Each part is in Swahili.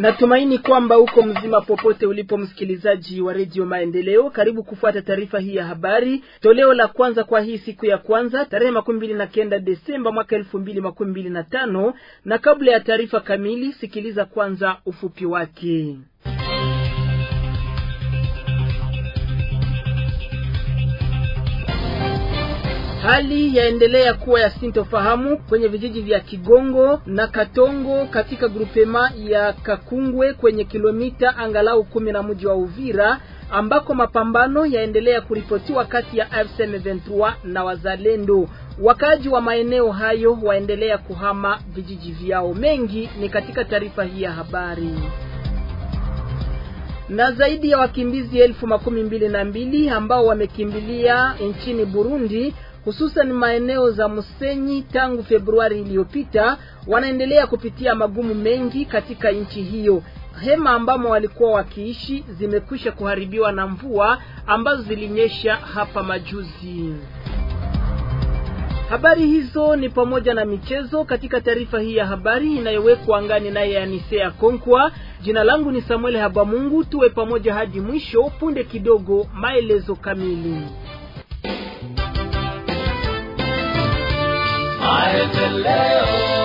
Natumaini kwamba uko mzima popote ulipo, msikilizaji wa redio Maendeleo. Karibu kufuata taarifa hii ya habari, toleo la kwanza kwa hii siku ya kwanza tarehe makumi mbili na kenda Desemba mwaka elfu mbili makumi mbili na tano. Na kabla ya taarifa kamili, sikiliza kwanza ufupi wake. Hali yaendelea kuwa ya sintofahamu kwenye vijiji vya Kigongo na Katongo katika grupema ya Kakungwe kwenye kilomita angalau kumi na mji wa Uvira ambako mapambano yaendelea kuripotiwa kati ya AFC M23 na wazalendo. Wakaji wa maeneo hayo waendelea kuhama vijiji vyao. Mengi ni katika taarifa hii ya habari na zaidi ya wakimbizi elfu makumi mbili na mbili ambao wamekimbilia nchini Burundi hususan maeneo za Musenyi tangu Februari iliyopita, wanaendelea kupitia magumu mengi katika nchi hiyo. Hema ambamo walikuwa wakiishi zimekwisha kuharibiwa na mvua ambazo zilinyesha hapa majuzi. Habari hizo ni pamoja na michezo katika taarifa hii ya habari inayowekwa angani naye Anisea Konkwa. Jina langu ni Samuel Habamungu, tuwe pamoja hadi mwisho. Punde kidogo maelezo kamili. Ay, de Leo.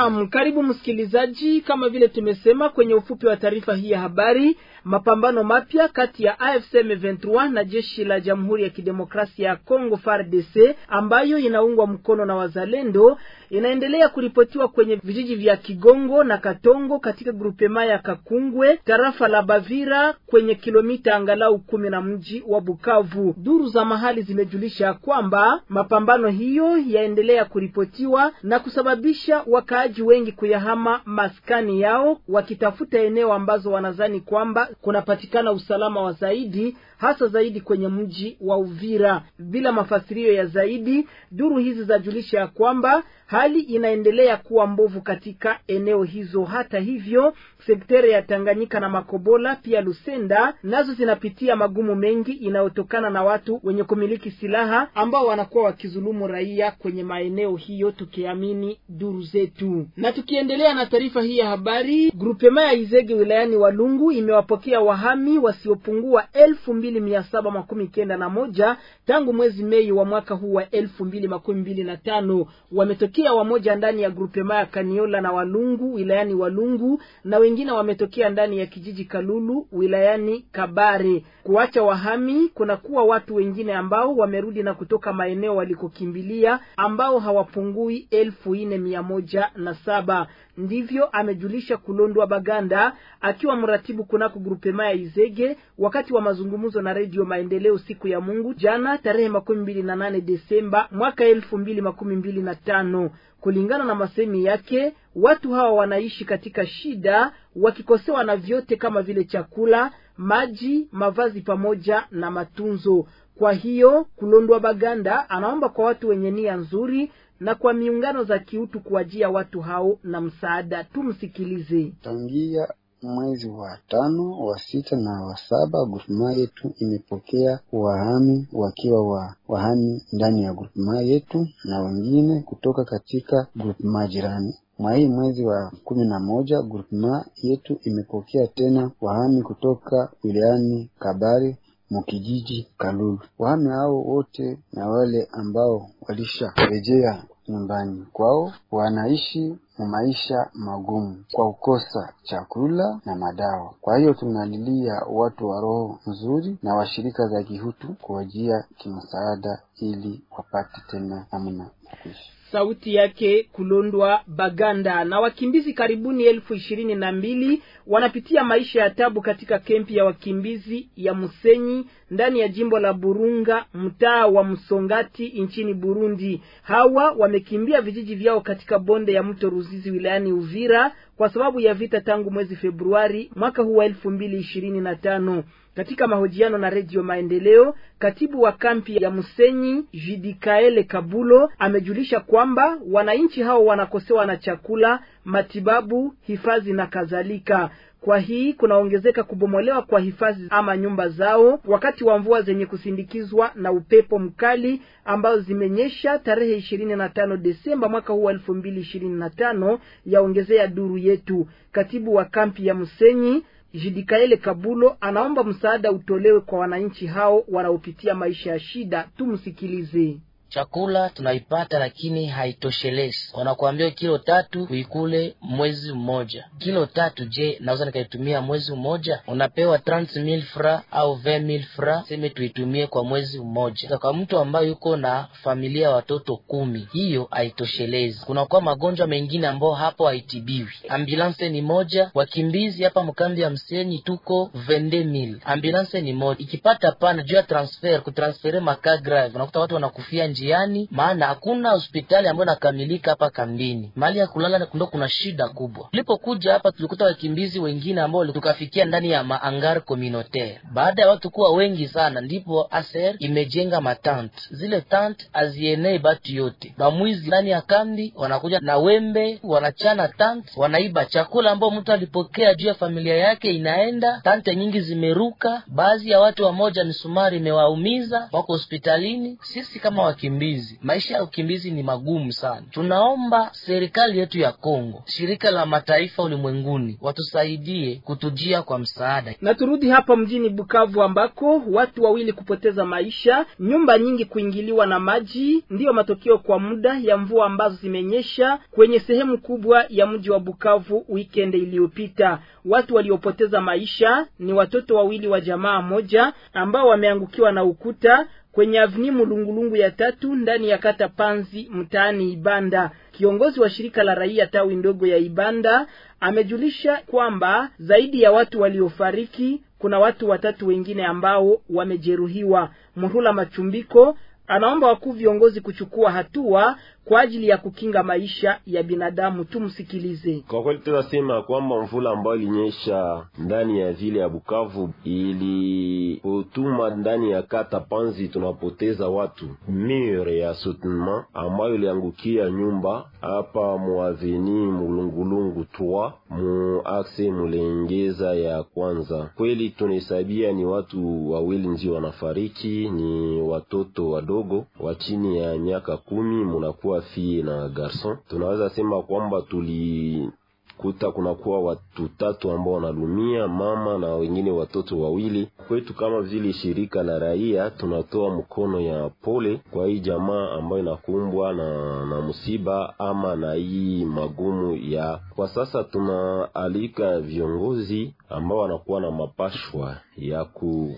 Naam, karibu msikilizaji, kama vile tumesema kwenye ufupi wa taarifa hii ya habari, mapambano mapya kati ya AFC M23 na jeshi la Jamhuri ya Kidemokrasia ya Kongo FARDC ambayo inaungwa mkono na wazalendo inaendelea kuripotiwa kwenye vijiji vya Kigongo na Katongo katika grupema ya Kakungwe tarafa la Bavira kwenye kilomita angalau kumi na mji wa Bukavu. Duru za mahali zimejulisha kwamba mapambano hiyo yaendelea kuripotiwa na kusababisha wakaaji wakaaji wengi kuyahama maskani yao wakitafuta eneo ambazo wanazani kwamba kunapatikana usalama wa zaidi, hasa zaidi kwenye mji wa Uvira. Bila mafasirio ya zaidi, duru hizi zajulisha ya kwamba hali inaendelea kuwa mbovu katika eneo hizo. Hata hivyo, sekteri ya Tanganyika na Makobola pia Lusenda nazo zinapitia magumu mengi inayotokana na watu wenye kumiliki silaha ambao wanakuwa wakizulumu raia kwenye maeneo hiyo, tukiamini duru zetu. Walungu. Na tukiendelea na taarifa hii ya habari, grupema ya Izege wilayani Walungu imewapokea wahami wasiopungua elfu mbili mia saba makumi kenda na moja tangu mwezi Mei wa mwaka huu wa elfu mbili makumi mbili na tano. Wametokea wamoja ndani ya grupema ya Kaniola na Walungu wilayani Walungu na wengine wametokea ndani ya kijiji Kalulu wilayani Kabare. Kuacha wahami kunakuwa watu wengine ambao wamerudi na kutoka maeneo walikokimbilia ambao hawapungui elfu nne mia moja na na saba. Ndivyo amejulisha Kulondwa Baganda akiwa mratibu kunako grupe maya Izege wakati wa mazungumzo na Redio Maendeleo siku ya Mungu jana tarehe makumi mbili na nane Desemba mwaka elfu mbili makumi mbili na tano. Kulingana na masemi yake, watu hawa wanaishi katika shida wakikosewa na vyote kama vile chakula, maji, mavazi pamoja na matunzo. Kwa hiyo Kulondwa Baganda anaomba kwa watu wenye nia nzuri na kwa miungano za kiutu kuwajia watu hao na msaada. Tumsikilize. Tangia mwezi wa tano wa sita na wa saba grupema yetu imepokea wahami wakiwa wa wahami ndani ya grupema yetu na wengine kutoka katika grupema jirani. Mwa hii mwezi wa kumi na moja grupema yetu imepokea tena wahami kutoka wilayani Kabare mukijiji Kalulu. Wahami hao wote na wale ambao walisharejea nyumbani kwao, wanaishi maisha magumu kwa kukosa chakula na madawa. Kwa hiyo tunalilia watu wa roho nzuri na washirika za kihutu kuwajia kimsaada, ili wapate tena namna ya kuishi sauti yake kulondwa Baganda. Na wakimbizi karibuni elfu ishirini na mbili wanapitia maisha ya tabu katika kempi ya wakimbizi ya Musenyi ndani ya jimbo la Burunga, mtaa wa Msongati nchini Burundi. Hawa wamekimbia vijiji vyao katika bonde ya mto Ruzizi wilayani Uvira kwa sababu ya vita tangu mwezi Februari mwaka huu wa elfu mbili ishirini na tano. Katika mahojiano na Redio Maendeleo, katibu wa kampi ya Musenyi Jidikaele Kabulo amejulisha kwa kwamba wananchi hao wanakosewa na chakula, matibabu, hifadhi na kadhalika. Kwa hii kunaongezeka kubomolewa kwa hifadhi ama nyumba zao wakati wa mvua zenye kusindikizwa na upepo mkali ambazo zimenyesha tarehe ishirini Desemba mwaka huu 2025, yaongezea duru yetu. Katibu wa kampi ya Msenyi Jidikaele Kabulo anaomba msaada utolewe kwa wananchi hao wanaopitia maisha ya shida. Tumsikilize chakula tunaipata, lakini haitoshelezi. Wanakuambia kilo tatu uikule mwezi mmoja. Kilo tatu, je, naweza nikaitumia mwezi mmoja? Unapewa 30000 fra au 20000 fra, seme tuitumie kwa mwezi mmoja. Kwa mtu ambaye yuko na familia ya watoto kumi, hiyo haitoshelezi. Kunakuwa magonjwa mengine ambayo hapo haitibiwi. Ambulanse ni moja, wakimbizi hapa mkambi ya Msenyi tuko 22000 ambulanse ni moja, ikipata pana juu ya transfer kutransfere makaa grave, unakuta watu wanakufia nji njiani, maana hakuna hospitali ambayo inakamilika hapa kambini. mali ya kulala ndo kuna shida kubwa. Tulipokuja hapa, tulikuta wakimbizi wengine ambao tukafikia ndani ya maangar communautaire. Baada ya watu kuwa wengi sana, ndipo aser imejenga matant. Zile tant azienei batu yote, bamwizi ndani ya kambi wanakuja na wembe, wanachana tant, wanaiba chakula ambao mtu alipokea juu ya familia yake, inaenda tante nyingi zimeruka. Baadhi ya watu wamoja misumari imewaumiza, wako hospitalini. Sisi kama waki ukimbizi. Maisha ya ukimbizi ni magumu sana. Tunaomba serikali yetu ya Kongo, shirika la mataifa ulimwenguni watusaidie kutujia kwa msaada. Na turudi hapa mjini Bukavu ambako watu wawili kupoteza maisha, nyumba nyingi kuingiliwa na maji, ndiyo matokeo kwa muda ya mvua ambazo zimenyesha kwenye sehemu kubwa ya mji wa Bukavu weekend iliyopita. Watu waliopoteza maisha ni watoto wawili wa jamaa moja ambao wameangukiwa na ukuta kwenye avni Mulungulungu ya tatu ndani ya kata Panzi mtaani Ibanda. Kiongozi wa shirika la raia tawi ndogo ya Ibanda amejulisha kwamba zaidi ya watu waliofariki kuna watu watatu wengine ambao wamejeruhiwa. Murula Machumbiko anaomba wakuu viongozi kuchukua hatua kwa ajili ya kukinga maisha ya binadamu. Tumsikilize. Kwa kweli tunasema kwamba mvula ambayo ilinyesha ndani ya vile ya Bukavu ilipotuma ndani ya kata Panzi, tunapoteza watu. mire ya soutenema ambayo iliangukia nyumba hapa muaveni mulungulungu twa mu akse mulengeza ya kwanza, kweli tunahesabia ni watu wawili ndio wanafariki, ni watoto wadogo wa chini ya miaka kumi munakuwa fie na garson. Tunaweza sema kwamba tulikuta kunakuwa watu tatu ambao wanalumia, mama na wengine watoto wawili. Kwetu kama vile shirika la raia, tunatoa mkono ya pole kwa hii jamaa ambayo inakumbwa na, na msiba ama na hii magumu ya kwa sasa. Tunaalika viongozi ambao wanakuwa na mapashwa ya ku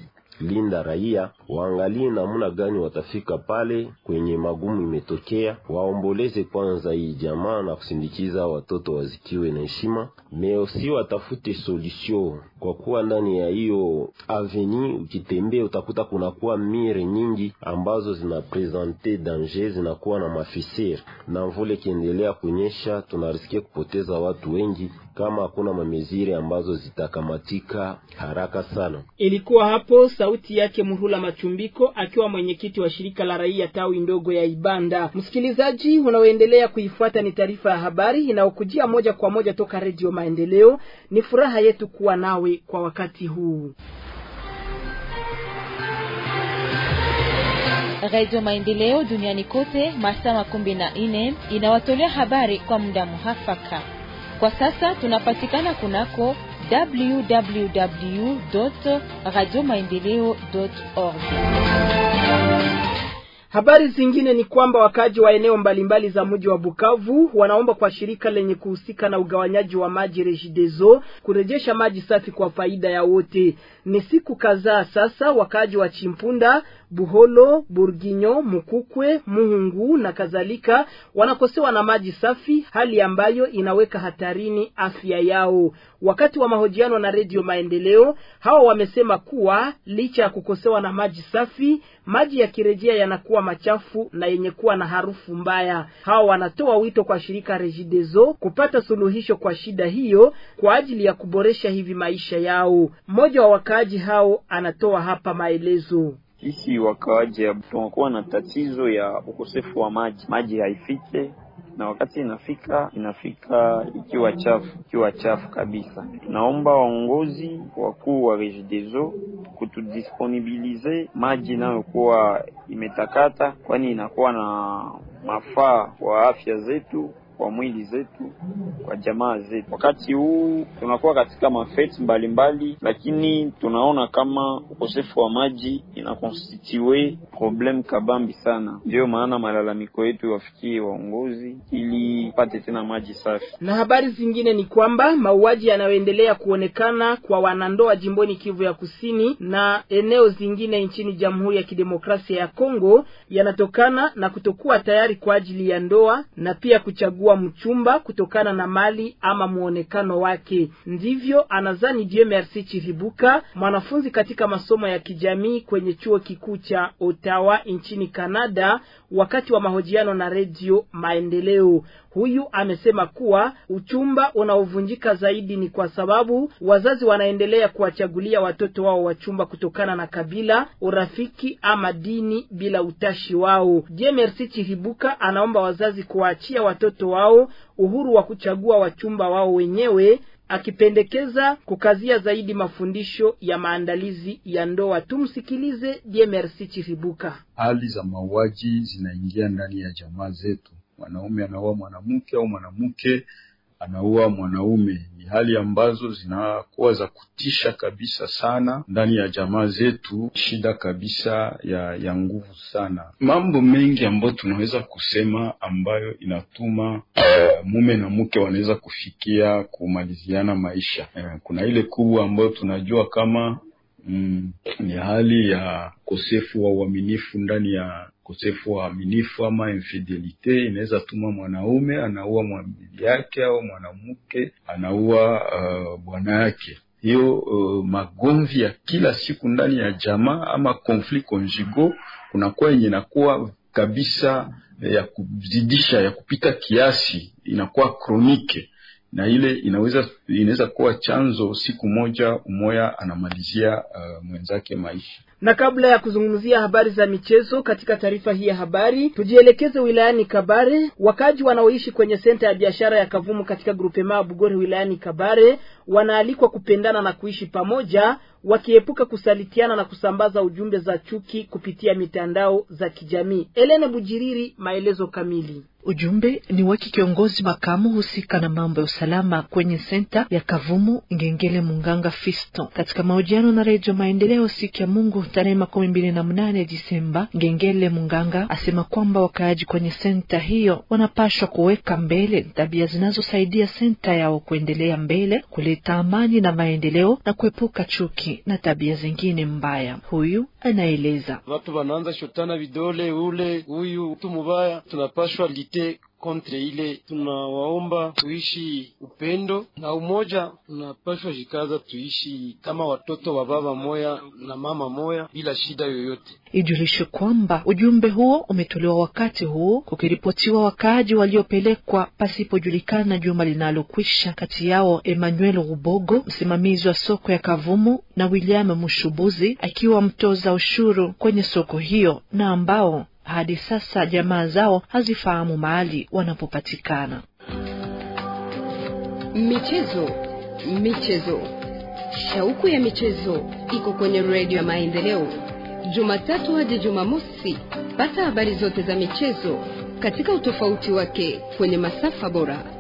linda raia, waangalie namna gani watafika pale kwenye magumu imetokea, waomboleze kwanza hii jamaa na kusindikiza watoto wazikiwe na heshima, meo si watafute solution, kwa kuwa ndani ya hiyo aveni ukitembea utakuta kunakuwa mire nyingi ambazo zinapresente danger, zinakuwa na mafisiri na mvule kiendelea kunyesha, tunarisikia kupoteza watu wengi kama hakuna mamiziri ambazo zitakamatika haraka sana. Ilikuwa hapo sauti yake Murula Machumbiko akiwa mwenyekiti wa shirika la raia tawi ndogo ya Ibanda. Msikilizaji unaoendelea kuifuata, ni taarifa ya habari inayokujia moja kwa moja toka Redio Maendeleo. Ni furaha yetu kuwa nawe kwa wakati huu. Redio Maendeleo duniani kote masaa makumi na nne inawatolea habari kwa muda muhafaka. Kwa sasa tunapatikana kunako www radio maendeleo org. Habari zingine ni kwamba wakaaji wa eneo mbalimbali za mji wa Bukavu wanaomba kwa shirika lenye kuhusika na ugawanyaji wa maji Regideso kurejesha maji safi kwa faida ya wote. Ni siku kadhaa sasa wakaaji wa Chimpunda Buholo, Burginyo, Mukukwe, Muhungu na kadhalika wanakosewa na maji safi, hali ambayo inaweka hatarini afya yao. Wakati wa mahojiano na Redio Maendeleo, hawa wamesema kuwa licha ya kukosewa na maji safi, maji ya kirejea yanakuwa machafu na yenye kuwa na harufu mbaya. Hawa wanatoa wito kwa shirika Regideso kupata suluhisho kwa shida hiyo kwa ajili ya kuboresha hivi maisha yao. Mmoja wa wakaaji hao anatoa hapa maelezo. Sisi wakaaji tunakuwa na tatizo ya ukosefu wa maji, maji haifike na wakati inafika inafika ikiwa chafu ikiwa chafu kabisa. Naomba waongozi wakuu wa Regideso kutudisponibilize maji inayokuwa imetakata, kwani inakuwa na mafaa kwa afya zetu kwa mwili zetu, kwa jamaa zetu. Wakati huu tunakuwa katika mafeti mbalimbali, lakini tunaona kama ukosefu wa maji inakonstitue problem kabambi sana. Ndiyo maana malalamiko yetu wafikie waongozi ili pate tena maji safi. Na habari zingine ni kwamba mauaji yanayoendelea kuonekana kwa wanandoa jimboni Kivu ya Kusini na eneo zingine nchini Jamhuri ya Kidemokrasia ya Kongo yanatokana na kutokuwa tayari kwa ajili ya ndoa na pia kuchagua kuwa mchumba kutokana na mali ama muonekano wake. Ndivyo anazani Dieu Merci Chivibuka, mwanafunzi katika masomo ya kijamii kwenye chuo kikuu cha Ottawa nchini Kanada, wakati wa mahojiano na redio Maendeleo. Huyu amesema kuwa uchumba unaovunjika zaidi ni kwa sababu wazazi wanaendelea kuwachagulia watoto wao wachumba kutokana na kabila, urafiki ama dini bila utashi wao. Dieu Merci anaomba wazazi kuwaachia watoto wao wao uhuru wa kuchagua wachumba wao wenyewe, akipendekeza kukazia zaidi mafundisho ya maandalizi ya ndoa. Tumsikilize DMRC Chiribuka. Hali za mauaji zinaingia ndani ya jamaa zetu, mwanaume anaoa mwanamke au mwanamke anaua mwanaume ni hali ambazo zinakuwa za kutisha kabisa sana ndani ya jamaa zetu, shida kabisa ya, ya nguvu sana. Mambo mengi ambayo tunaweza kusema ambayo inatuma uh, mume na mke wanaweza kufikia kumaliziana maisha. Uh, kuna ile kubwa ambayo tunajua kama mm, ni hali ya ukosefu wa uaminifu ndani ya ukosefu wa aminifu ama infidelite inaweza tuma mwanaume anaua mwamili yake au mwanamke anaua uh, bwana yake. Hiyo uh, magomvi ya kila siku ndani ya jamaa ama konfli konjugo kunakuwa yenye inakuwa kabisa eh, ya kuzidisha ya kupita kiasi, inakuwa kronike na ile inaweza inaweza kuwa chanzo siku moja umoya anamalizia uh, mwenzake maisha. Na kabla ya kuzungumzia habari za michezo katika taarifa hii ya habari, tujielekeze wilayani Kabare. Wakaji wanaoishi kwenye senta ya biashara ya Kavumu katika grupema Bugore wilayani Kabare wanaalikwa kupendana na kuishi pamoja, wakiepuka kusalitiana na kusambaza ujumbe za chuki kupitia mitandao za kijamii. Elene Bujiriri, maelezo kamili Ujumbe ni wake kiongozi makamu husika na mambo ya usalama kwenye senta ya Kavumu Ngengele Munganga Fisto, katika mahojiano na Redio Maendeleo siku ya Mungu tarehe makumi mbili na mnane Disemba. Ngengele Munganga asema kwamba wakaaji kwenye senta hiyo wanapashwa kuweka mbele tabia zinazosaidia senta yao kuendelea mbele, kuleta amani na maendeleo na kuepuka chuki na tabia zingine mbaya. Huyu anaeleza watu wanaanza shotana vidole, ule huyu mtu mubaya, tunapashwa lutte kontre ile. Tunawaomba tuishi upendo na umoja, tunapashwa jikaza tuishi kama watoto wa baba moya na mama moya bila shida yoyote. Ijulishe kwamba ujumbe huo umetolewa wakati huo kukiripotiwa wakaaji waliopelekwa pasipojulikana juma linalokwisha, kati yao Emmanuel Rubogo, msimamizi wa soko ya Kavumu, na William Mushubuzi akiwa mtoza ushuru kwenye soko hiyo na ambao hadi sasa jamaa zao hazifahamu mahali wanapopatikana. Michezo, michezo, shauku ya michezo iko kwenye redio ya Maendeleo, Jumatatu hadi Jumamosi. Pata habari zote za michezo katika utofauti wake kwenye masafa bora.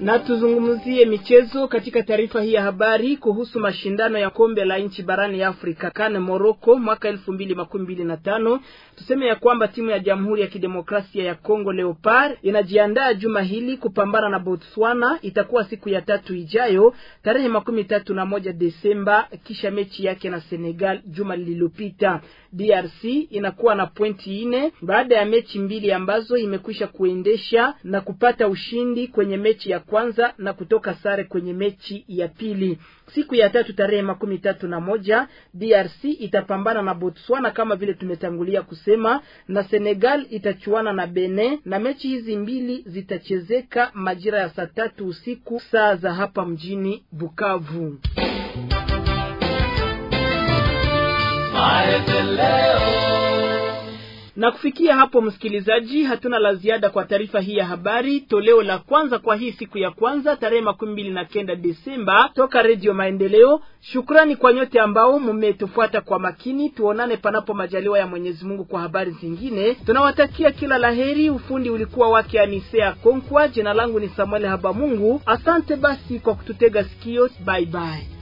Na tuzungumzie michezo katika taarifa hii ya habari kuhusu mashindano ya kombe la nchi barani Afrika CAN Morocco mwaka elfu mbili makumi mbili na tano Tuseme ya kwamba timu ya Jamhuri ya Kidemokrasia ya Kongo Leopard inajiandaa juma hili kupambana na Botswana. Itakuwa siku ya tatu ijayo tarehe makumi tatu na moja Desemba, kisha mechi yake na Senegal juma lililopita. DRC inakuwa na pointi nne baada ya mechi mbili ambazo imekwisha kuendesha na kupata ushindi kwenye mechi ya kwanza na kutoka sare kwenye mechi ya pili. Siku ya tatu tarehe makumi tatu na moja DRC itapambana na Botswana kama vile tumetangulia kus kusema na Senegal itachuana na Benin na mechi hizi mbili zitachezeka majira ya saa tatu usiku saa za hapa mjini Bukavu. Maendeleo. Na kufikia hapo, msikilizaji, hatuna la ziada kwa taarifa hii ya habari, toleo la kwanza kwa hii siku ya kwanza tarehe makumi mbili na kenda Desemba toka Redio Maendeleo. Shukrani kwa nyote ambao mmetufuata kwa makini. Tuonane panapo majaliwa ya Mwenyezi Mungu kwa habari zingine. Tunawatakia kila laheri. Ufundi ulikuwa wake Anisea Konkwa. Jina langu ni Samuel Habamungu. Asante basi kwa kututega sikio. Bye bye.